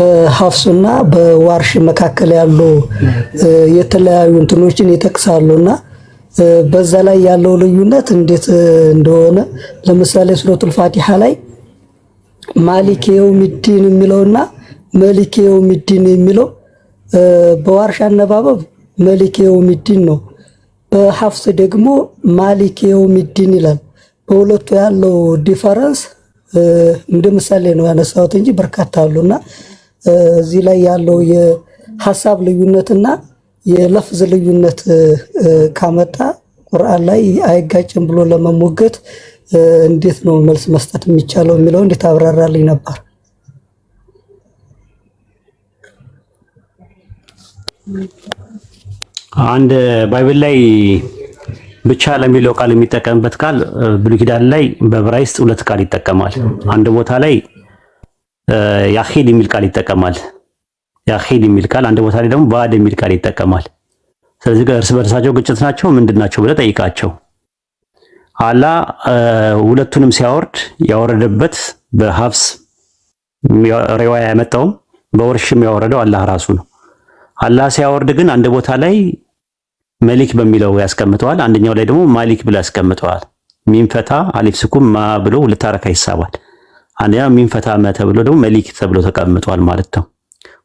በሀፍሱና በዋርሽ መካከል ያሉ የተለያዩ እንትኖችን ይጠቅሳሉ እና በዛ ላይ ያለው ልዩነት እንዴት እንደሆነ ለምሳሌ ሱረቱል ፋቲሃ ላይ ማሊክ የውሚዲን የሚለውና መሊክ የውሚዲን የሚለው በዋርሽ አነባበብ መሊክ የውሚዲን ነው። በሀፍስ ደግሞ ማሊክ የውሚዲን ይላል። በሁለቱ ያለው ዲፈረንስ እንደ ምሳሌ ነው ያነሳሁት እንጂ በርካታ አሉና እዚህ ላይ ያለው የሀሳብ ልዩነትና የለፍዝ ልዩነት ካመጣ ቁርአን ላይ አይጋጭም ብሎ ለመሞገት እንዴት ነው መልስ መስጠት የሚቻለው የሚለው እንዴት አብራራልኝ ነበር። አንድ ባይብል ላይ ብቻ ለሚለው ቃል የሚጠቀምበት ቃል ብሉይ ኪዳን ላይ በዕብራይስጥ ሁለት ቃል ይጠቀማል። አንድ ቦታ ላይ ያኺድ የሚል ቃል ይጠቀማል። ያኺድ የሚል ቃል አንድ ቦታ ላይ ደግሞ ባዕድ የሚል ቃል ይጠቀማል። ስለዚህ እርስ በርሳቸው ግጭት ናቸው ምንድን ናቸው ብለህ ጠይቃቸው። አላ ሁለቱንም ሲያወርድ ያወረደበት በሀፍስ ሪዋያ ያመጣውም በወርሽም ያወረደው አላህ ራሱ ነው። አላህ ሲያወርድ ግን አንድ ቦታ ላይ መሊክ በሚለው ያስቀምጠዋል፣ አንደኛው ላይ ደግሞ ማሊክ ብሎ ያስቀምጠዋል። ሚንፈታ አሊፍ ስኩም ማ ብሎ ሁለት አረካ ይሳባል። አንደኛ ሚንፈታመ ተብሎ ደግሞ መሊክ ተብሎ ተቀምጧል ማለት ነው።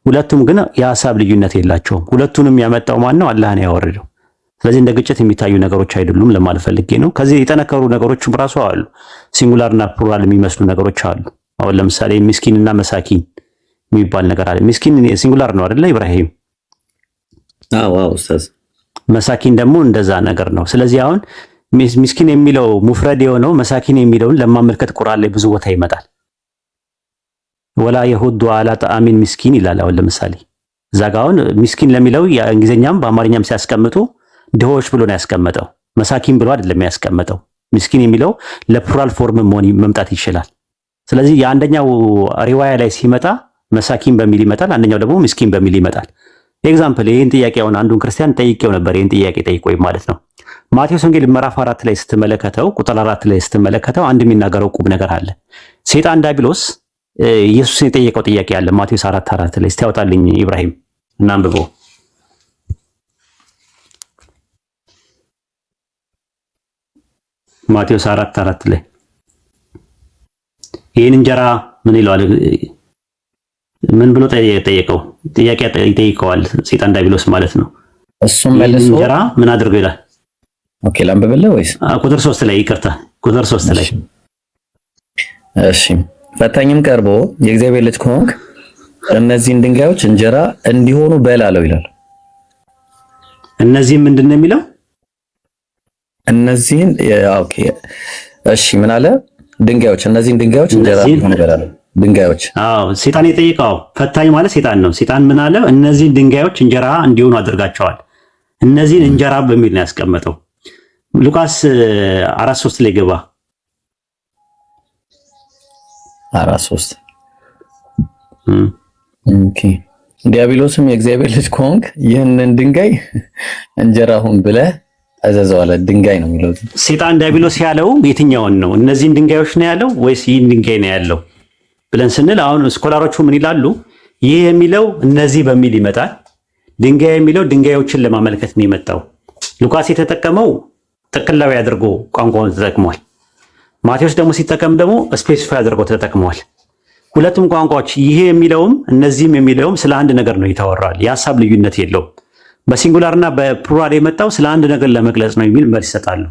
ሁለቱም ግን የሀሳብ ልዩነት የላቸውም። ሁለቱንም ያመጣው ማን ነው? አላህ ነው ያወረደው። ስለዚህ እንደ ግጭት የሚታዩ ነገሮች አይደሉም ለማለት ፈልጌ ነው። ከዚህ የጠነከሩ ነገሮችም ራሱ አሉ። ሲንጉላርና ፕሉራል የሚመስሉ ነገሮች አሉ። አሁን ለምሳሌ ሚስኪንና መሳኪን የሚባል ነገር አለ። ሚስኪን ሲንጉላር ነው አይደለ ኢብራሂም? አዎ አዎ ኡስታዝ። መሳኪን ደግሞ እንደዛ ነገር ነው። ስለዚህ አሁን ሚስኪን የሚለው ሙፍረድ የሆነው መሳኪን የሚለውን ለማመልከት ቁርአን ላይ ብዙ ቦታ ይመጣል። ወላ የሁዱ አላ ጣአሚን ሚስኪን ይላል። አሁን ለምሳሌ እዛ ጋ አሁን ምስኪን ለሚለው እንግሊዝኛም በአማርኛም ሲያስቀምጡ ድሆች ብሎ ነው ያስቀመጠው። መሳኪን ብሎ አይደለም ያስቀመጠው። ምስኪን የሚለው ለፕሉራል ፎርም መምጣት ይችላል። ስለዚህ የአንደኛው ሪዋያ ላይ ሲመጣ መሳኪን በሚል ይመጣል፣ አንደኛው ደግሞ ምስኪን በሚል ይመጣል። ኤግዛምፕል ይህን ጥያቄ አሁን አንዱን ክርስቲያን ጠይቄው ነበር። ይህን ጥያቄ ጠይቆኝ ማለት ነው ማቴዎስ ወንጌል ምዕራፍ አራት ላይ ስትመለከተው ቁጥር አራት ላይ ስትመለከተው አንድ የሚናገረው ቁም ነገር አለ። ሴጣን ዳቢሎስ ኢየሱስን የጠየቀው ጥያቄ አለ። ማቴዎስ አራት አራት ላይ እስቲ ኢብራሂም እና አንብቦ ማቴዎስ አራት አራት ላይ ይህን እንጀራ ምን ይለዋል? ምን ብሎ ጠየቀው? ጥያቄ ይጠይቀዋል ሰይጣን ዲያብሎስ ማለት ነው። እሱም መልሶ እንጀራ ምን አድርገው ይላል። ኦኬ ላንብብልህ ወይስ ቁጥር ሶስት ላይ ይቅርታ፣ ቁጥር ሶስት ላይ እሺ ፈታኝም ቀርቦ የእግዚአብሔር ልጅ ከሆንክ እነዚህን ድንጋዮች እንጀራ እንዲሆኑ በላለው ይላል። እነዚህም ምንድን ነው የሚለው? እነዚህን ኦኬ፣ እሺ፣ ምን አለ? ድንጋዮች እነዚህን ድንጋዮች እንጀራ እንዲሆኑ በላለው። ድንጋዮች አዎ፣ ሴጣን የጠየቀው ፈታኝ ማለት ሴጣን ነው። ሴጣን ምን አለ? እነዚህን ድንጋዮች እንጀራ እንዲሆኑ አድርጋቸዋል። እነዚህን እንጀራ በሚል ነው ያስቀመጠው። ሉቃስ አራት ሶስት ላይ ገባ አራት ሶስት ኦኬ ዲያብሎስም የእግዚአብሔር ልጅ ከሆንክ ይህንን ድንጋይ እንጀራ ሁን ብለህ እዘዘው ድንጋይ ነው የሚለው ሴጣን ዲያብሎስ ያለው የትኛውን ነው? እነዚህን ድንጋዮች ነው ያለው ወይስ ይህን ድንጋይ ነው ያለው ብለን ስንል አሁን ስኮላሮቹ ምን ይላሉ? ይህ የሚለው እነዚህ በሚል ይመጣል። ድንጋይ የሚለው ድንጋዮችን ለማመልከት ነው የመጣው። ሉቃስ የተጠቀመው ጥቅላዊ አድርጎ ቋንቋውን ተጠቅሟል። ማቴዎስ ደግሞ ሲጠቀም ደግሞ ስፔሲፋይ አድርጎ ተጠቅመዋል። ሁለቱም ቋንቋዎች ይሄ የሚለውም እነዚህም የሚለውም ስለ አንድ ነገር ነው ይታወራል። የሀሳብ ልዩነት የለውም። በሲንጉላርና በፕሉራል የመጣው ስለ አንድ ነገር ለመግለጽ ነው የሚል መልስ ይሰጣሉ።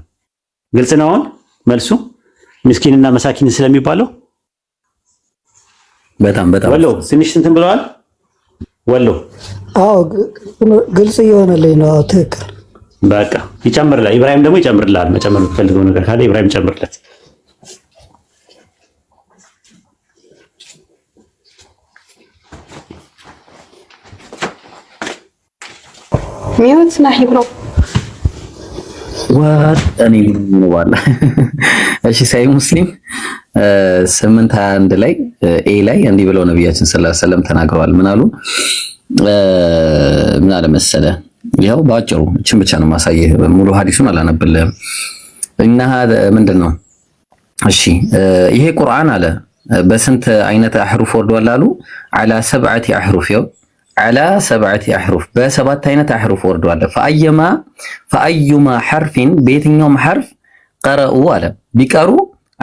ግልጽ ነው አሁን መልሱ ምስኪንና መሳኪን ስለሚባለው በጣም በጣም ወሎ ትንሽ እንትን ብለዋል። ወሎ አዎ ግልጽ እየሆነልኝ ነው። ትክክል በቃ ይጨምርላል። ኢብራሂም ደግሞ ይጨምርላል። መጨመር የምትፈልገው ነገር ካለ ኢብራሂም ጨምርለት። ሚዩት ነህ ብሎ ዋት እኔ ነው እሺ ሳይ ሙስሊም 821 ላይ ኤ ላይ እንዲህ ብለው ነቢያችን ሰለላሁ ዐለይሂ ወሰለም ተናግረዋል። ምን አሉ? ምን አለ መሰለ፣ ይኸው ባጭሩ እችን ብቻ ነው ማሳየ ሙሉ ሐዲሱን አላነብልህም እና ምንድን ነው እሺ፣ ይሄ ቁርአን አለ በስንት አይነት አህሩፍ ወርዷል አሉ? አላ ሰብዓቲ አህሩፍ ይኸው ዐላ ሰብዐቲ አሕሩፍ በሰባት አይነት አሕሩፍ ወርዷል። ፈአየማ ፈአዩማ ሐርፊን በየትኛውም ሐርፍ ቀረኡ አለ ቢቀሩ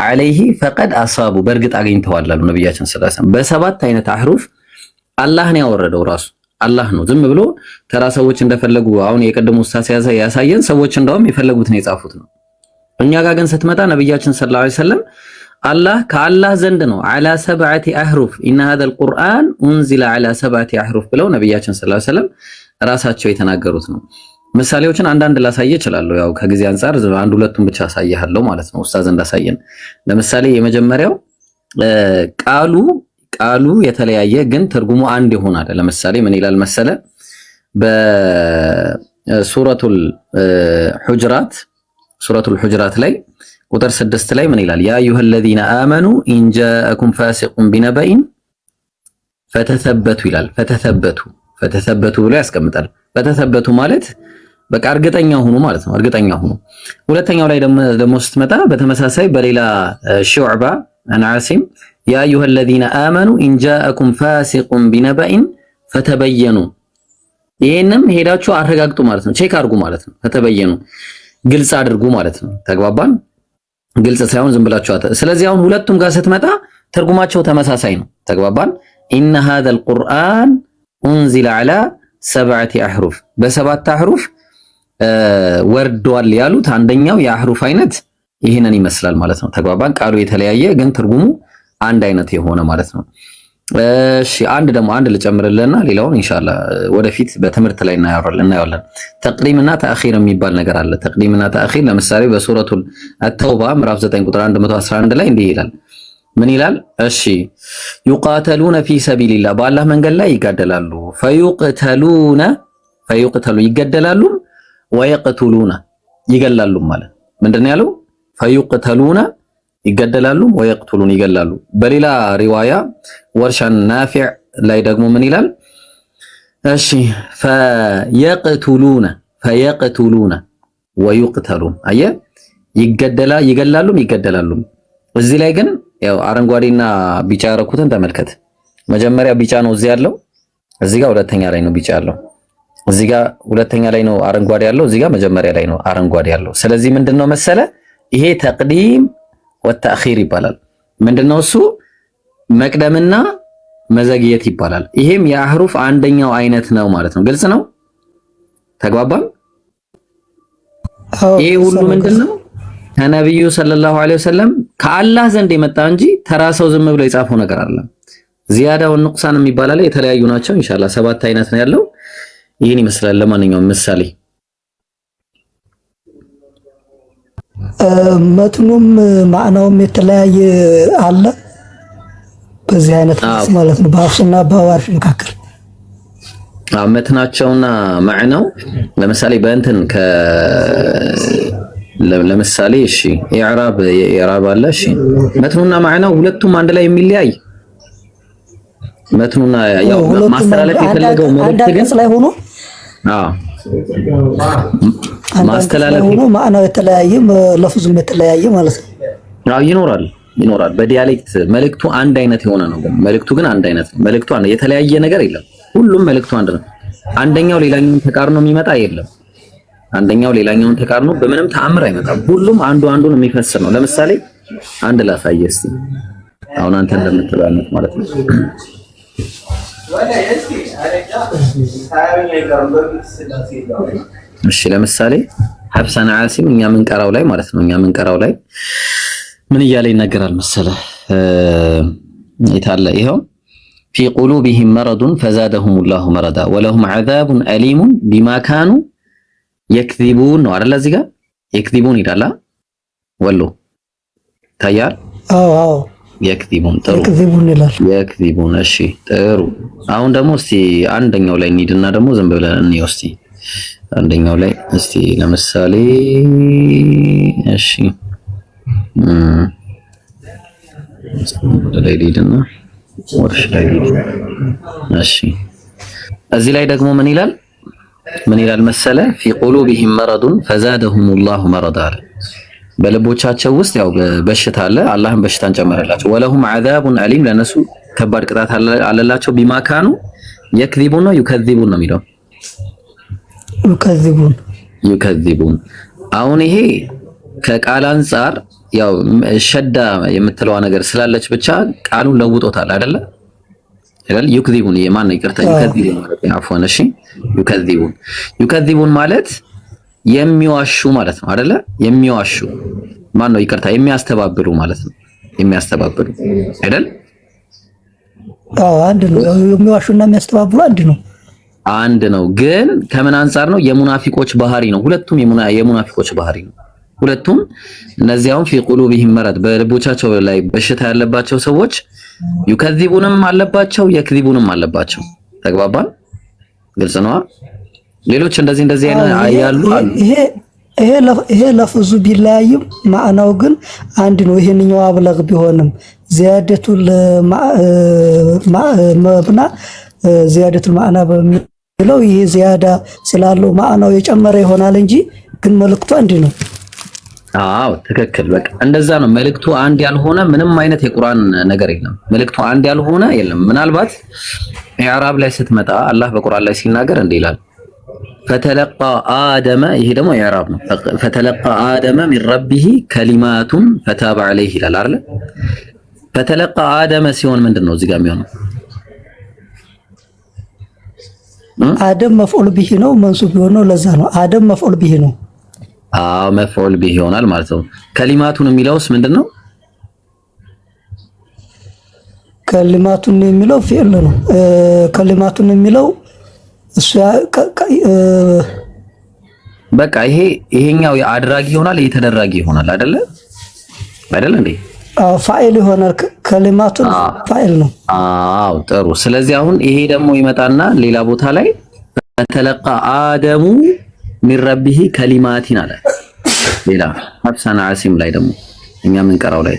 ዐለይሂ ፈቀድ አሳቡ በእርግጥ አግኝተዋል አሉ ነቢያችን ሰለላሁ ዐለይሂ በሰባት አይነት አሕሩፍ አላህን ያወረደው ራሱ አላህ ነው። ዝም ብሎ ተራ ሰዎች እንደፈለጉ አሁን የቀደሙ ኡስታዝ ያሳየን ሰዎች እንደውም የፈለጉት ነው የጻፉት ነው። እኛ ጋር ግን ስትመጣ ነቢያችን ሰለላሁ ዐለይሂ ወሰለም አላህ ከአላህ ዘንድ ነው። አላ ሰብዓቲ አህሩፍ ኢነ ሀዘል ቁርአን ኡንዚለ አላ ሰብዓቲ አህሩፍ ብለው ነቢያችን ሰለላሁ ዐለይሂ ራሳቸው የተናገሩት ነው። ምሳሌዎችን አንዳንድ ላሳየ እችላለሁ። ያው ከጊዜ አንጻር አንድ ሁለቱን ብቻ አሳያለሁ ማለት ነው። ኡስታዝ እንዳሳየን ለምሳሌ የመጀመሪያው ቃሉ ቃሉ የተለያየ ግን ትርጉሙ አንድ ይሆናል። ለምሳሌ ምን ይላል መሰለ በሱረቱል ሑጅራት ሱረቱል ሁጅራት ላይ ቁጥር ስድስት ላይ ምን ይላል? ያ አዩሃ ለዚነ አመኑ ኢንጃአኩም ፋሲቁን ቢነበኢን ፈተሰበቱ ይላል። ፈተሰበቱ ፈተሰበቱ ብሎ ያስቀምጣል። ፈተሰበቱ ማለት በቃ እርግጠኛ ሁኑ ማለት ነው። እርግጠኛ ሁኑ። ሁለተኛው ላይ ደግሞ ስትመጣ በተመሳሳይ በሌላ ሹዕባ አንዓሲም ያ አዩሃ ለዚነ አመኑ ኢንጃአኩም ፋሲቁን ቢነበኢን ፈተበየኑ ይሄንም ሄዳችሁ አረጋግጡ ማለት ነው። ቼክ አድርጉ ማለት ነው። ፈተበየኑ ግልጽ አድርጉ ማለት ነው። ተግባባን። ግልጽ ሳይሆን ዝም ብላችኋት። ስለዚህ አሁን ሁለቱም ጋር ስትመጣ ትርጉማቸው ተመሳሳይ ነው። ተግባባን። ኢነ ሀዘል ቁርአን ኡንዚለ ዐላ ሰብዐቲ አሕሩፍ በሰባት አሕሩፍ ወርዷል ያሉት አንደኛው የአሕሩፍ አይነት ይህንን ይመስላል ማለት ነው። ተግባባን። ቃሉ የተለያየ ግን ትርጉሙ አንድ አይነት የሆነ ማለት ነው። እሺ አንድ ደግሞ አንድ ልጨምርልህና ሌላውን ኢንሻአላ ወደፊት በትምህርት ላይ እናያዋለን። ተቅዲምና ተአኺር የሚባል ነገር አለ። ተቅዲምና ተአኺር ለምሳሌ በሱረቱል አተውባ ምዕራፍ 9 ቁጥር 111 ላይ እንዲህ ይላል። ምን ይላል? እሺ ዩቃተሉነ ፊ ሰቢልላህ በአላህ መንገድ ላይ ይጋደላሉ። ፈዩቅተሉነ ፈዩቅተሉ ይገደላሉ፣ ወየቅቱሉና ይገላሉ ማለት ምንድነው ያለው? ፈዩቅተሉነ ይገደላሉ፣ ወየቅቱሉን ይገላሉ። በሌላ ሪዋያ ወርሻን ናፊዕ ላይ ደግሞ ምን ይላል? እሺ ፈየቅቱሉነ ፈየቅቱሉነ ወዩቅተሉን አየ ይገደላ ይገላሉም ይገደላሉም። እዚህ ላይ ግን ያው አረንጓዴና ቢጫ ያረኩትን ተመልከት። መጀመሪያ ቢጫ ነው እዚህ ያለው፣ እዚህ ጋር ሁለተኛ ላይ ነው ቢጫ ያለው፣ እዚህ ጋር ሁለተኛ ላይ ነው አረንጓዴ ያለው፣ እዚህ ጋር መጀመሪያ ላይ ነው አረንጓዴ ያለው። ስለዚህ ምንድነው መሰለ ይሄ ተቅዲም ወተአኺር ይባላል። ምንድነው እሱ? መቅደምና መዘግየት ይባላል። ይሄም የአህሩፍ አንደኛው አይነት ነው ማለት ነው። ግልጽ ነው። ተግባባን። ይሄ ሁሉ ምንድነው? ከነቢዩ ሰለላሁ ዐለይሂ ወሰለም ከአላህ ዘንድ የመጣ እንጂ ተራ ሰው ዝም ብሎ የጻፈው ነገር አይደለም። ዚያዳውን ንቁሳን የሚባል የተለያዩ ናቸው። ኢንሻአላህ ሰባት አይነት ነው ያለው። ይህን ይመስላል። ለማንኛውም ምሳሌ መትኑም ማዕናውም የተለያየ አለ። በዚህ አይነት ስ ማለት ነው በሐፍስና በዋርሽ መካከል መትናቸውና ማዕናው ለምሳሌ በእንትን ለምሳሌ እሺ የዕራብ የዕራብ አለ። እሺ መትኑና ማዕናው ሁለቱም አንድ ላይ የሚለያይ መትኑና ያው ማስተላለፍ የፈለገው መልእክት ግን ላይ ሆኖ አዎ ማስተላለፍ ነው። ማዕናው የተለያየ ለፍዙም የተለያየ ማለት ነው። ይኖራል ይኖራል። በዲያሌክት መልእክቱ አንድ አይነት የሆነ ነው። መልእክቱ ግን አንድ አይነት ነው። መልእክቱ የተለያየ ነገር የለም። ሁሉም መልእክቱ አንድ ነው። አንደኛው ሌላኛውን ተቃርኖ የሚመጣ የለም። አንደኛው ሌላኛውን ተቃርኖ በምንም ተአምር አይመጣም። ሁሉም አንዱ አንዱን የሚፈስ ነው። ለምሳሌ አንድ ላሳየስ እስኪ አሁን አንተ እንደምትለው አይነት ማለት ነው እሺ ለምሳሌ ሀብሳን ዓሲም እኛ ምንቀራው ላይ ማለት ነው። እኛ ምንቀራው ላይ ምን እያለ ይናገራል መሰለ ይታለ ይኸው ፊ ቁሉብህም መረዱን ፈዛደሁም ላሁ መረዳ ወለሁም ዓዛቡን አሊሙን ቢማ ካኑ የክዚቡን ነው አደለ። እዚህ ጋር የክዚቡን ይላላ ወሎ ታያል የክዚቡን ጥሩ የክዚቡን ይላል። የክዚቡን እሺ፣ ጥሩ አሁን ደግሞ እስቲ አንደኛው ላይ እንሂድና ደግሞ ዝም ብለን እንየው እስቲ አንደኛው ላይ እስቲ ለምሳሌ እሺ፣ ላይ እንሂድና ወርሽ ላይ እሺ፣ እዚህ ላይ ደግሞ ምን ይላል? ምን ይላል መሰለ ፊ ቁሉቢሂም መረዱን ፈዛደሁሙላሁ መረዳ አለ በልቦቻቸው ውስጥ ያው በሽታ አለ። አላህም በሽታን ጨመረላቸው። ወለሁም አዛቡን አሊም ለነሱ ከባድ ቅጣት አለላቸው። ቢማካኑ የክዚቡን ነው ዩከዚቡን ነው የሚለው ዩከዚቡን ዩከዚቡን። አሁን ይሄ ከቃል አንጻር ያው ሸዳ የምትለዋ ነገር ስላለች ብቻ ቃሉን ለውጦታል አይደለ አይደል? ዩከዚቡን የማን ነው ይቅርታ ዩከዚቡን ማለት አፈነሽ ዩከዚቡን ዩከዚቡን ማለት የሚዋሹ ማለት ነው አይደለ? የሚዋሹ ማን ነው? ይቅርታ የሚያስተባብሉ ማለት ነው። የሚያስተባብሉ አይደል? አዎ አንድ ነው። የሚዋሹና የሚያስተባብሉ አንድ ነው፣ አንድ ነው። ግን ከምን አንጻር ነው? የሙናፊቆች ባህሪ ነው። ሁለቱም የሙናፊቆች ባህሪ ነው። ሁለቱም እነዚያውም ፊ ቁሉብሂም መረድ በልቦቻቸው ላይ በሽታ ያለባቸው ሰዎች ዩከዚቡንም አለባቸው የክዚቡንም አለባቸው። ተግባባን? ግልጽ ነዋ። ሌሎች እንደዚህ እንደዚህ አይነት ያሉ አሉ። ይሄ ለፍዙ ቢለያይም ማዕናው ግን አንድ ነው። ይሄንኛው አብለግ ቢሆንም ዚያደቱ መብና ዚያደቱ ማዕና በሚለው ይሄ ዚያዳ ስላለው ማዕናው የጨመረ ይሆናል እንጂ ግን መልእክቱ አንድ ነው። አዎ ትክክል። በቃ እንደዛ ነው። መልእክቱ አንድ ያልሆነ ምንም አይነት የቁርአን ነገር የለም። መልእክቱ አንድ ያልሆነ የለም። ምናልባት ኢዕራብ ላይ ስትመጣ አላህ በቁርአን ላይ ሲናገር እንዲህ ይላል ፈተለቃ አደመ ይሄ ደግሞ የዕራብ ነው። ፈተለቃ አደመ ሚን ረቢሂ ከሊማቱን ፈታበ ዐለይህ ይላል አይደለ? ፈተለቃ አደመ ሲሆን ምንድን ነው እዚህ ጋር የሚሆነው? አደም መፍዑል ቢሂ ነው መንሱብ የሆነው ለዛ ነው። አደም መፍዑል ቢሂ ነው። አዎ መፍዑል ቢሂ ይሆናል ማለት ነው። ከሊማቱን የሚለውስ ምንድን ነው? ከሊማቱን የሚለው ፊዕል ነው። ከሊማቱን የሚለው በቃ ይሄ ይሄኛው አድራጊ ይሆናል፣ የተደራጊ ይሆናል። አይደለ አይደለ እንዴ? ፋይል ይሆናል። ከሊማቱን ፋይል ነው። አዎ ጥሩ። ስለዚህ አሁን ይሄ ደግሞ ይመጣና ሌላ ቦታ ላይ ተለቃ አደሙ ሚረብሂ ረቢሂ ከሊማቲን አለ። ሌላ ሀብሳና አሲም ላይ ደግሞ እኛ የምንቀራው ላይ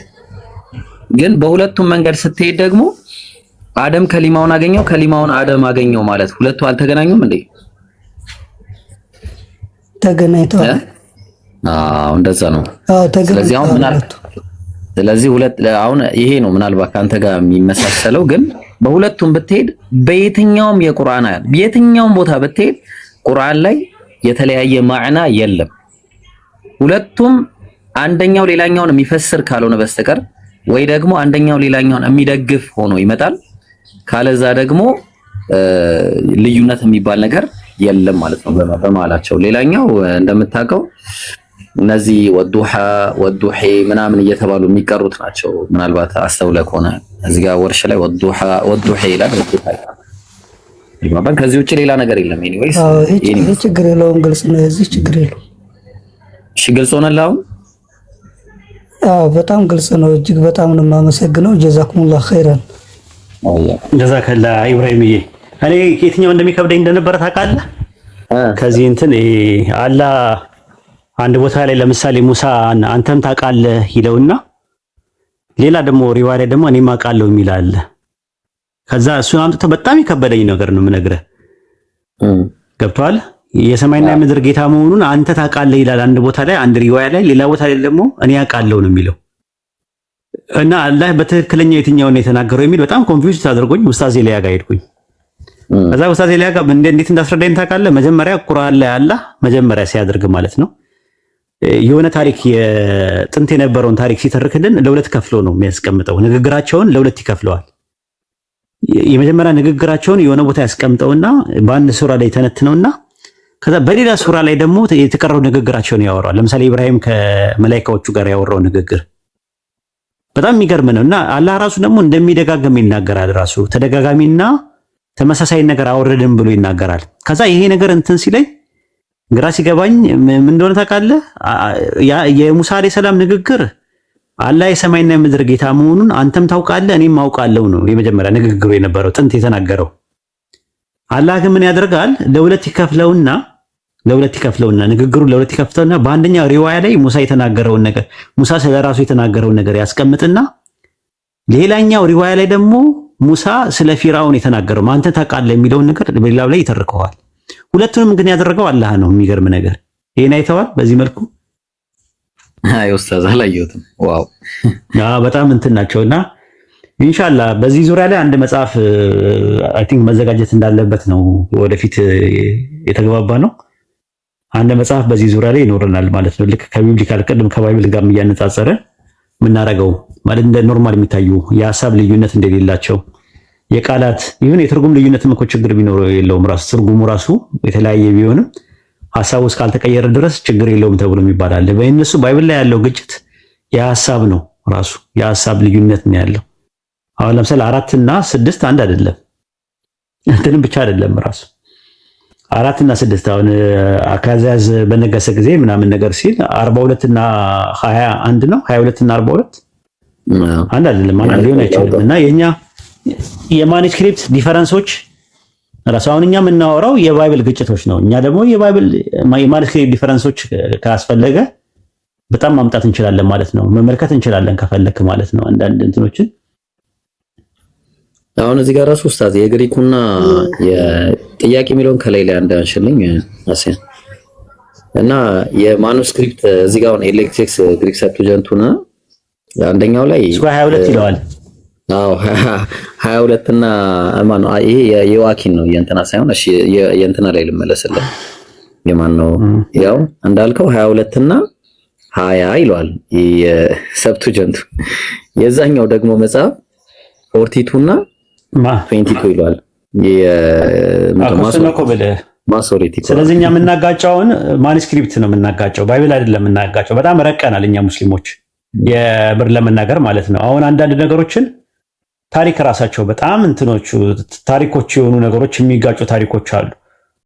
ግን በሁለቱም መንገድ ስትሄድ ደግሞ አደም ከሊማውን አገኘው፣ ከሊማውን አደም አገኘው ማለት ሁለቱ አልተገናኙም እንዴ? ተገናኝተዋል። አዎ እንደዛ ነው። ስለዚህ አሁን ስለዚህ ሁለት አሁን ይሄ ነው ምናልባት ከአንተ ጋር የሚመሳሰለው ግን በሁለቱም ብትሄድ በየትኛውም የቁርአን አያ በየትኛውም ቦታ ብትሄድ ቁርአን ላይ የተለያየ ማዕና የለም። ሁለቱም አንደኛው ሌላኛውን የሚፈስር ካልሆነ በስተቀር ወይ ደግሞ አንደኛው ሌላኛውን የሚደግፍ ሆኖ ይመጣል። ካለዛ ደግሞ ልዩነት የሚባል ነገር የለም ማለት ነው በማላቸው። ሌላኛው እንደምታውቀው እነዚህ ወዱሃ ወዱሂ ምናምን እየተባሉ የሚቀሩት ናቸው። ምናልባት አስተውለ ከሆነ እዚህ ጋር ወርሽ ላይ ወዱሃ ወዱሂ ይላል። ከዚህ ውጭ ሌላ ነገር የለም። ኤኒዌይስ ይሄ ችግር የለውም። ግልጽ ነው። እዚህ ችግር የለውም። እሺ ግልጽ ሆነልህ አሁን? አዎ በጣም ግልጽ ነው። እጅግ በጣም ነው የማመሰግነው። ጀዛኩሙላህ ኸይራን እንደዛ ከላ ኢብራሂምዬ እኔ የትኛው እንደሚከብደኝ እንደነበረ ታውቃለህ? ከዚህ እንትን አላ አንድ ቦታ ላይ ለምሳሌ ሙሳ አንተም ታውቃለህ ይለውና ሌላ ደግሞ ሪዋያ ደግሞ እኔም አውቃለሁ የሚል አለ። ከዛ እሱን አምጥተው በጣም የከበደኝ ነገር ነው የምነግርህ። ገብቶሃል? የሰማይና የምድር ጌታ መሆኑን አንተ ታውቃለህ ይላል አንድ ቦታ ላይ አንድ ሪዋያ ላይ፣ ሌላ ቦታ ላይ ደግሞ እኔ አውቃለሁ ነው የሚለው እና አላህ በትክክለኛ ነው የተናገረው የሚል በጣም ኮንፊውዝ ታደርጎኝ ኡስታዝ ኤልያ ጋር ሄድኩኝ። ከዛ ኡስታዝ ኤልያ ጋር እንዴት እንዳስረዳኝ ታውቃለህ? መጀመሪያ ቁርአን ላይ አላህ መጀመሪያ ሲያደርግ ማለት ነው የሆነ ታሪክ የጥንት የነበረውን ታሪክ ሲተርክልን ለሁለት ከፍሎ ነው የሚያስቀምጠው። ንግግራቸውን ለሁለት ይከፍለዋል። የመጀመሪያ ንግግራቸውን የሆነ ቦታ ያስቀምጠውና በአንድ ሱራ ላይ ተነትነውና ከዛ በሌላ ሱራ ላይ ደግሞ የተቀረው ንግግራቸውን ያወራዋል። ለምሳሌ ኢብራሂም ከመላይካዎቹ ጋር ያወራው ንግግር በጣም የሚገርም ነው እና አላህ ራሱ ደግሞ እንደሚደጋገም ይናገራል። ራሱ ተደጋጋሚና ተመሳሳይ ነገር አወረድን ብሎ ይናገራል። ከዛ ይሄ ነገር እንትን ሲለኝ ግራ ሲገባኝ ምን እንደሆነ ታውቃለህ? የሙሳ ዓለይሂ ሰላም ንግግር አላህ የሰማይና የምድር ጌታ መሆኑን አንተም ታውቃለህ እኔም አውቃለሁ ነው የመጀመሪያ ንግግሩ የነበረው ጥንት የተናገረው። አላህ ግን ምን ያደርጋል ለሁለት ይከፍለውና ለሁለት ይከፍለውና ንግግሩን ለሁለት ይከፍተውና በአንደኛው ሪዋያ ላይ ሙሳ የተናገረውን ነገር ሙሳ ስለ ራሱ የተናገረውን ነገር ያስቀምጥና ሌላኛው ሪዋያ ላይ ደግሞ ሙሳ ስለ ፊራውን የተናገረው አንተ ታውቃለህ የሚለውን ነገር በሌላው ላይ ይተርከዋል። ሁለቱንም ግን ያደረገው አላህ ነው። የሚገርም ነገር ይሄን አይተዋል። በዚህ መልኩ አይ ኡስታዝ አላየሁትም። ዋው በጣም እንትን ናቸውና በዚህ ዙሪያ ላይ አንድ መጽሐፍ አይ ቲንክ መዘጋጀት እንዳለበት ነው ወደፊት የተግባባ ነው። አንድ መጽሐፍ በዚህ ዙሪያ ላይ ይኖረናል ማለት ነው። ልክ ከቢብሊካል ቅድም ከባይብል ጋር እያነጻጸረ የምናደርገው ማለት እንደ ኖርማል የሚታዩ የሀሳብ ልዩነት እንደሌላቸው የቃላት ይሁን የትርጉም ልዩነት እኮ ችግር ቢኖረው የለውም ራሱ ትርጉሙ ራሱ የተለያየ ቢሆንም ሀሳቡ እስካልተቀየረ ድረስ ችግር የለውም ተብሎ ይባላል። በእነሱ ባይብል ላይ ያለው ግጭት የሀሳብ ነው ራሱ የሀሳብ ልዩነት ነው ያለው። አሁን ለምሳሌ አራት እና ስድስት አንድ አይደለም። እንትንም ብቻ አይደለም ራሱ አራት እና ስድስት አሁን አካዛዝ በነገሰ ጊዜ ምናምን ነገር ሲል አርባ ሁለት እና ሀያ አንድ ነው። ሀያ ሁለት እና አርባ ሁለት አንድ አይደለም፣ አንድ ሊሆን አይችልም። እና የእኛ የማኒስክሪፕት ዲፈረንሶች ራሱ አሁን እኛ የምናወራው የባይብል ግጭቶች ነው። እኛ ደግሞ የባይብል የማኒስክሪፕት ዲፈረንሶች ካስፈለገ በጣም ማምጣት እንችላለን ማለት ነው። መመልከት እንችላለን ከፈለክ ማለት ነው አንዳንድ እንትኖችን አሁን እዚህ ጋር ራሱ ኡስታዝ የግሪኩና የጥያቄ የሚለውን ከላይ ላይ አንድ አንሽልኝ አሰን እና የማኑስክሪፕት እዚህ ጋር አሁን ኤሌክትሪክስ ግሪክ ሰብቱጀንቱና አንደኛው ላይ 22 ይለዋል። አዎ 22 እና ማን ይሄ የዋኪን ነው የእንትና ሳይሆን እሺ የእንትና ላይ ልመለስልህ የማን ነው ያው እንዳልከው 22 እና 20 ይለዋል የሰብቱጀንቱ የዛኛው ደግሞ መጽሐፍ ፎርቲቱ እና ፌንቲኮ ይለዋል። ማሶሬት ስለዚህ እኛ የምናጋጫውን ማኒስክሪፕት ነው የምናጋጨው፣ ባይብል አይደለም የምናጋጨው። በጣም ረቀናል እኛ ሙስሊሞች የምር ለመናገር ማለት ነው። አሁን አንዳንድ ነገሮችን ታሪክ ራሳቸው በጣም እንትኖቹ ታሪኮች የሆኑ ነገሮች የሚጋጩ ታሪኮች አሉ።